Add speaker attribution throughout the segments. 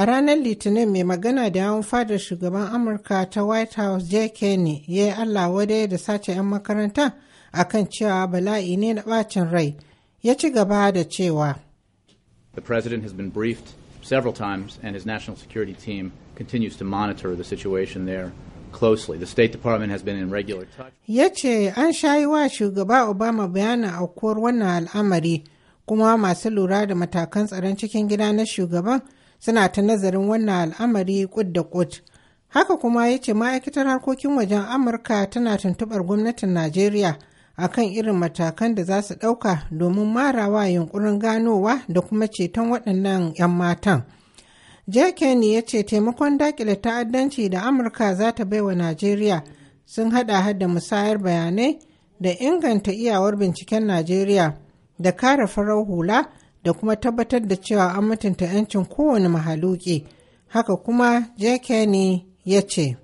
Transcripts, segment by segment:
Speaker 1: A ranar Litinin mai magana da yawon fadar shugaban Amurka ta White House Jay Kenny ya yi Allah wadai da sace 'yan makaranta a kan cewa bala'i ne na bacin rai. Ya ci gaba da cewa.
Speaker 2: The president has been briefed several times and his national security team continues to monitor the situation there closely. The State Department has been in regular touch.
Speaker 1: Ya ce an shayi wa shugaba Obama bayanin aukuwar wannan al'amari kuma masu lura da matakan tsaron cikin gida na shugaban suna ta nazarin wannan al'amari kud da kud. Haka kuma ya ce ma'aikatar harkokin wajen Amurka tana tuntuɓar gwamnatin Najeriya a kan irin matakan da za su ɗauka domin marawa yunkurin ganowa da kuma ceton waɗannan 'yan matan. Jakeni ya ce taimakon dakile ta'addanci da Amurka za ta bai wa Najeriya sun haɗa hada musayar bayanai da inganta iyawar binciken Najeriya da kare farar hula da kuma tabbatar da cewa an mutunta 'yancin kowane mahaluki haka kuma jekeni ya ce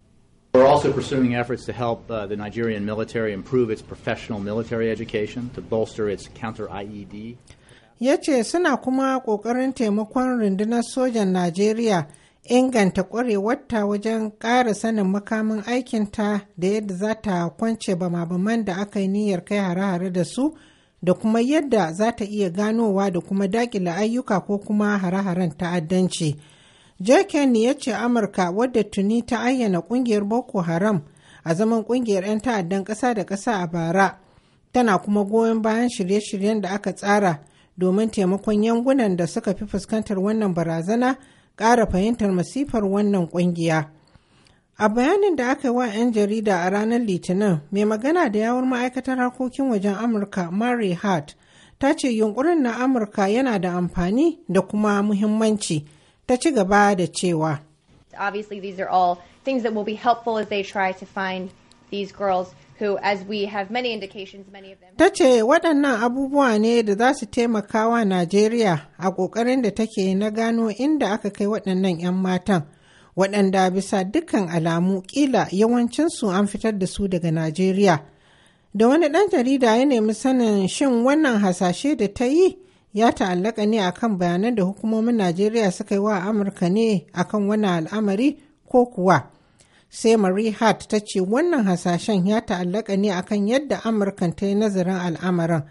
Speaker 2: We're also pursuing efforts to help uh, the Nigerian military improve its professional military education to bolster its counter IED.
Speaker 1: Ya ce suna kuma ƙoƙarin taimakon rundunar sojan Najeriya inganta ƙwarewarta wajen ƙara sanin makamin aikinta da yadda za ta kwance bama-baman da aka yi niyyar kai hare-hare da su da kuma yadda za ta iya ganowa da kuma dakila ayyuka ko kuma hare-haren ta'addanci. Jaken ya ce Amurka wadda tuni ta ayyana kungiyar Boko Haram a zaman kungiyar 'yan ta'addan ƙasa da ƙasa a bara, tana kuma goyon bayan shirye-shiryen da aka tsara domin taimakon yankunan da suka fi fuskantar wannan barazana ƙara fahimtar masifar wannan ƙungiya. A bayanin da aka yi wa 'yan jarida a ranar Litinin, mai magana da yawun ma'aikatar harkokin wajen Amurka Mary Hart ta ce yunkurin na Amurka yana da amfani da kuma muhimmanci. Ta ci gaba da cewa.
Speaker 2: Obviously, these are all things that will be helpful as they try to find these girls who, as we have many indications, many of them.
Speaker 1: Ta ce waɗannan abubuwa ne da za su taimaka wa Najeriya a ƙoƙarin da take na gano inda aka kai waɗannan 'yan matan. waɗanda bisa dukkan alamu ƙila yawancinsu an fitar da su daga Najeriya. Da wani ɗan jarida ya nemi sanin shin wannan hasashe da ta yi ya ta'allaka ne akan bayanan da hukumomin Najeriya suka yi wa Amurka ne akan wannan al'amari ko kuwa. Sai Marie Hart ta ce wannan hasashen ya ta'allaka ne akan yadda Amurkan ta yi nazarin al'amarin.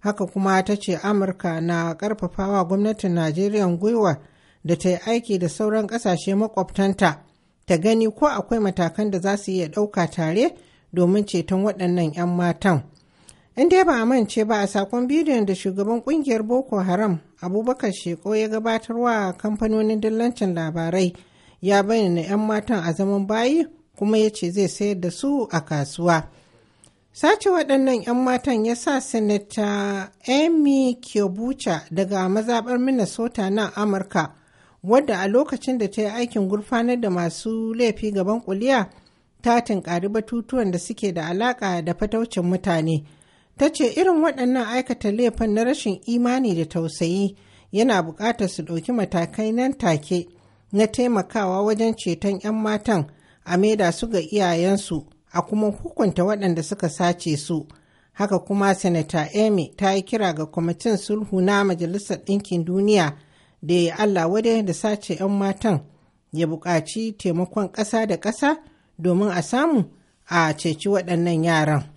Speaker 1: Haka kuma ta ce Amurka na ƙarfafawa gwamnatin Najeriya gwiwar. da ta yi aiki da sauran ƙasashe makwabtanta ta gani ko akwai matakan da za su iya ɗauka tare domin ceton waɗannan 'yan matan. In dai ba a mance ba a sakon bidiyon da shugaban kungiyar Boko Haram Abubakar Sheko ya gabatarwa a kamfanonin dillancin labarai ya bayyana 'yan matan a zaman bayi kuma ya ce zai sayar da su a kasuwa. Sace waɗannan 'yan matan ya sa Senator Amy Kyobucha daga mazaɓar Minnesota na Amurka wadda a lokacin da ta yi aikin gurfanar da masu laifi gaban kuliya ta tunkari batutuwan da suke da alaƙa da fataucin mutane ta ce irin waɗannan aikata laifin na rashin imani da tausayi yana buƙatar su ɗauki matakai nan take na taimakawa wajen ceton 'yan matan a maida su ga iyayensu a kuma hukunta waɗanda suka sace su haka kuma sanata amy ta yi kira ga kwamitin sulhu na majalisar ɗinkin duniya da ya Allah wadai da sace 'yan matan ya buƙaci taimakon ƙasa da ƙasa domin a samu a ceci waɗannan yaran.